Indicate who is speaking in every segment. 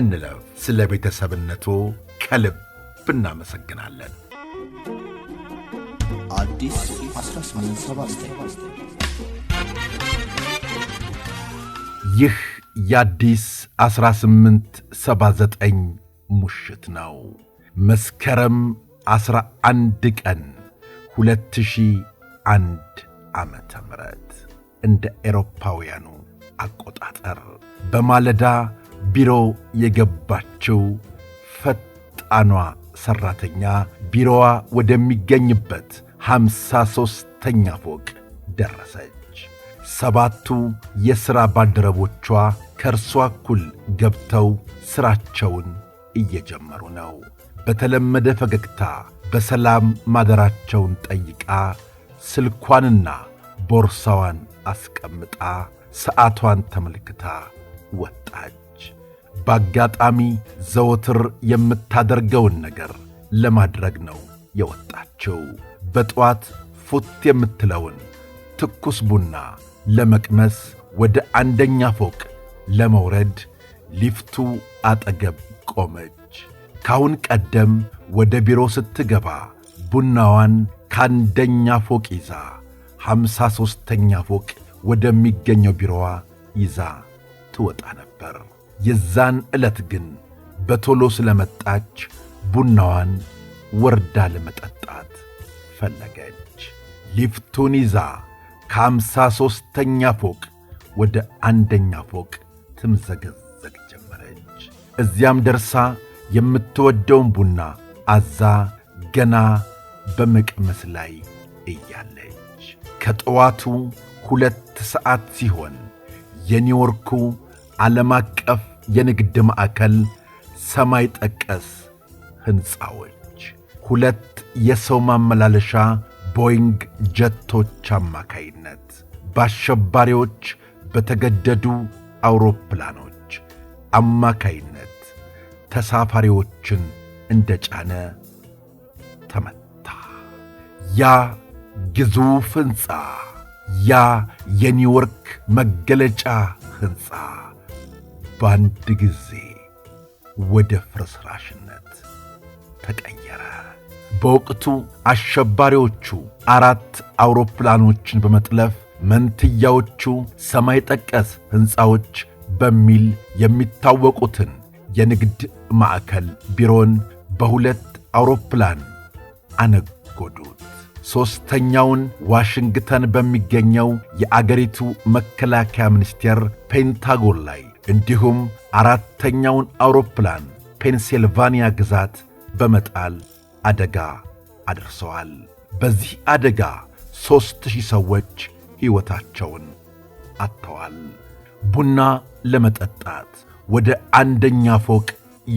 Speaker 1: እንለፍ። ስለ ቤተሰብነቱ ከልብ እናመሰግናለን። ይህ የአዲስ 1879 ሙሽት ነው። መስከረም 11 ቀን 2001 ዓመተ ምህረት እንደ ኤሮፓውያኑ አቆጣጠር በማለዳ ቢሮ የገባችው ፈጣኗ ሠራተኛ ቢሮዋ ወደሚገኝበት ሐምሳ ሦስተኛ ፎቅ ደረሰች። ሰባቱ የሥራ ባልደረቦቿ ከእርሷ እኩል ገብተው ሥራቸውን እየጀመሩ ነው። በተለመደ ፈገግታ በሰላም ማደራቸውን ጠይቃ ስልኳንና ቦርሳዋን አስቀምጣ ሰዓቷን ተመልክታ ወጣች። በአጋጣሚ ዘወትር የምታደርገውን ነገር ለማድረግ ነው የወጣችው። በጠዋት ፉት የምትለውን ትኩስ ቡና ለመቅመስ ወደ አንደኛ ፎቅ ለመውረድ ሊፍቱ አጠገብ ቆመች። ካሁን ቀደም ወደ ቢሮ ስትገባ ቡናዋን ከአንደኛ ፎቅ ይዛ ሐምሳ ሦስተኛ ፎቅ ወደሚገኘው ቢሮዋ ይዛ ትወጣ ነበር። የዛን ዕለት ግን በቶሎ ስለመጣች ቡናዋን ወርዳ ለመጠጣት ፈለገች። ሊፍቱን ይዛ ከአምሳ ሦስተኛ ፎቅ ወደ አንደኛ ፎቅ ትምዘገዘግ ጀመረች። እዚያም ደርሳ የምትወደውን ቡና አዛ ገና በመቅመስ ላይ እያለች ከጠዋቱ ሁለት ሰዓት ሲሆን የኒውዮርኩ ዓለም አቀፍ የንግድ ማዕከል ሰማይ ጠቀስ ሕንፃዎች፣ ሁለት የሰው ማመላለሻ ቦይንግ ጀቶች አማካይነት በአሸባሪዎች በተገደዱ አውሮፕላኖች አማካይነት ተሳፋሪዎችን እንደ ጫነ ተመታ። ያ ግዙፍ ሕንፃ፣ ያ የኒውዮርክ መገለጫ ሕንፃ በአንድ ጊዜ ወደ ፍርስራሽነት ተቀየረ። በወቅቱ አሸባሪዎቹ አራት አውሮፕላኖችን በመጥለፍ መንትያዎቹ ሰማይ ጠቀስ ሕንፃዎች በሚል የሚታወቁትን የንግድ ማዕከል ቢሮን በሁለት አውሮፕላን አነጎዱት። ሦስተኛውን ዋሽንግተን በሚገኘው የአገሪቱ መከላከያ ሚኒስቴር ፔንታጎን ላይ እንዲሁም አራተኛውን አውሮፕላን ፔንሲልቫኒያ ግዛት በመጣል አደጋ አድርሰዋል። በዚህ አደጋ ሦስት ሺህ ሰዎች ሕይወታቸውን አጥተዋል። ቡና ለመጠጣት ወደ አንደኛ ፎቅ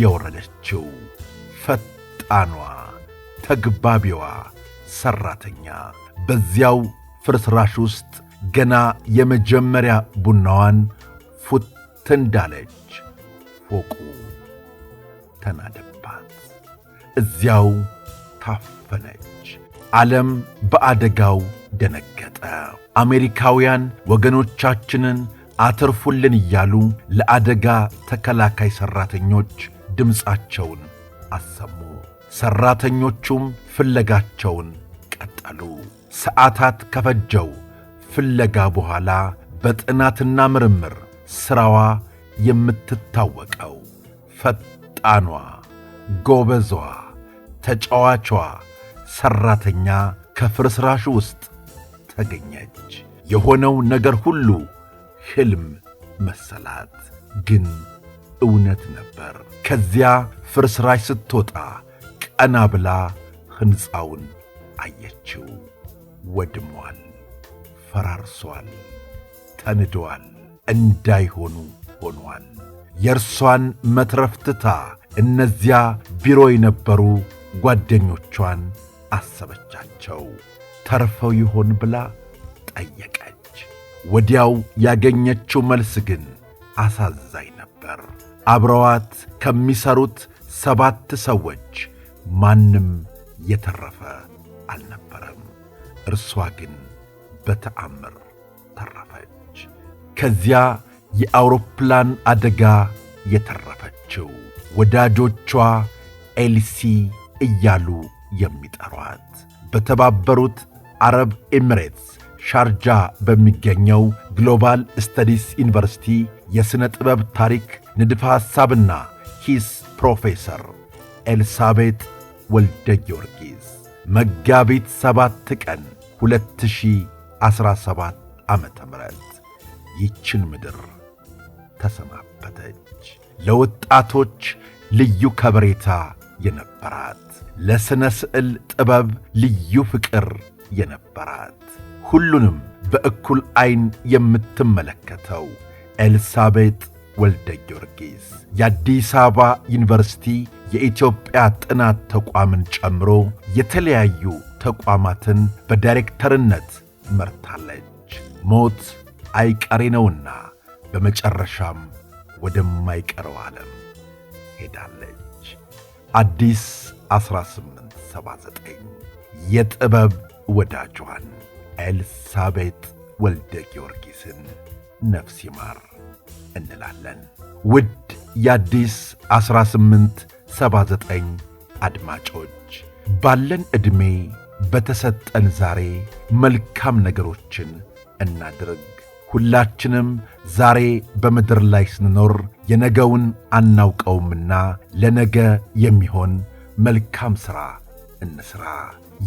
Speaker 1: የወረደችው ፈጣኗ ተግባቢዋ ሠራተኛ በዚያው ፍርስራሽ ውስጥ ገና የመጀመሪያ ቡናዋን ፉት ትንዳለች። ፎቁ ተናደባት፣ እዚያው ታፈነች። ዓለም በአደጋው ደነገጠ። አሜሪካውያን ወገኖቻችንን አትርፉልን እያሉ ለአደጋ ተከላካይ ሠራተኞች ድምፃቸውን አሰሙ። ሠራተኞቹም ፍለጋቸውን ቀጠሉ። ሰዓታት ከፈጀው ፍለጋ በኋላ በጥናትና ምርምር ሥራዋ የምትታወቀው ፈጣኗ፣ ጎበዟ፣ ተጫዋቿ ሠራተኛ ከፍርስራሹ ውስጥ ተገኘች። የሆነው ነገር ሁሉ ሕልም መሰላት፣ ግን እውነት ነበር። ከዚያ ፍርስራሽ ስትወጣ ቀና ብላ ሕንፃውን አየችው። ወድሟል፣ ፈራርሷል፣ ተንዷል። እንዳይሆኑ ሆኗል። የእርሷን መትረፍ ትታ እነዚያ ቢሮ የነበሩ ጓደኞቿን አሰበቻቸው። ተርፈው ይሆን ብላ ጠየቀች። ወዲያው ያገኘችው መልስ ግን አሳዛኝ ነበር። አብረዋት ከሚሰሩት ሰባት ሰዎች ማንም የተረፈ አልነበረም። እርሷ ግን በተአምር ተረፈች። ከዚያ የአውሮፕላን አደጋ የተረፈችው ወዳጆቿ ኤልሲ እያሉ የሚጠሯት በተባበሩት አረብ ኤሚሬትስ ሻርጃ በሚገኘው ግሎባል ስተዲስ ዩኒቨርሲቲ የሥነ ጥበብ ታሪክ ንድፈ ሐሳብና ሂስ ፕሮፌሰር ኤልሳቤት ወልደ ጊዮርጊስ መጋቢት 7 ቀን 2017 ም ይችን ምድር ተሰማበተች ለወጣቶች ልዩ ከበሬታ የነበራት፣ ለሥነ ስዕል ጥበብ ልዩ ፍቅር የነበራት፣ ሁሉንም በእኩል ዐይን የምትመለከተው ኤልሳቤጥ ወልደ ጊዮርጊስ የአዲስ አበባ ዩኒቨርሲቲ የኢትዮጵያ ጥናት ተቋምን ጨምሮ የተለያዩ ተቋማትን በዳይሬክተርነት መርታለች። ሞት አይቀሬ ነውና በመጨረሻም ወደማይቀረው ዓለም ሄዳለች። አዲስ 1879 የጥበብ ወዳጇን ኤልሳቤጥ ወልደ ጊዮርጊስን ነፍስ ይማር እንላለን። ውድ የአዲስ 1879 አድማጮች ባለን ዕድሜ በተሰጠን ዛሬ መልካም ነገሮችን እናድርግ። ሁላችንም ዛሬ በምድር ላይ ስንኖር የነገውን አናውቀውምና ለነገ የሚሆን መልካም ሥራ እንሥራ።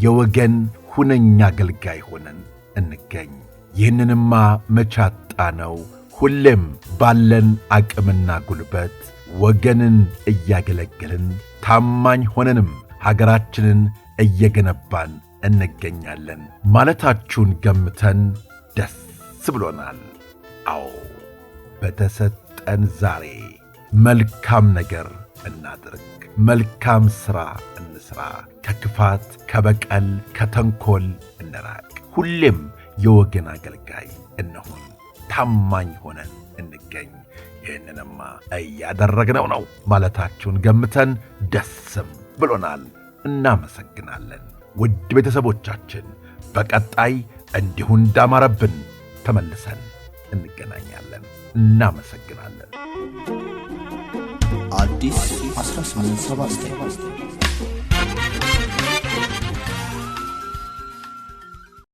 Speaker 1: የወገን ሁነኛ አገልጋይ ሆነን እንገኝ። ይህንንማ መቻጣ ነው። ሁሌም ባለን አቅምና ጉልበት ወገንን እያገለገልን ታማኝ ሆነንም ሀገራችንን እየገነባን እንገኛለን ማለታችሁን ገምተን ደስ ብሎናል። አዎ በተሰጠን ዛሬ መልካም ነገር እናድርግ። መልካም ሥራ እንሥራ። ከክፋት፣ ከበቀል፣ ከተንኮል እንራቅ። ሁሌም የወገን አገልጋይ እንሆን፣ ታማኝ ሆነን እንገኝ። ይህንንማ እያደረግነው ነው ማለታችሁን ገምተን ደስም ብሎናል። እናመሰግናለን ውድ ቤተሰቦቻችን። በቀጣይ እንዲሁ እንዳማረብን ተመልሰን እንገናኛለን። እናመሰግናለን። አዲስ 1879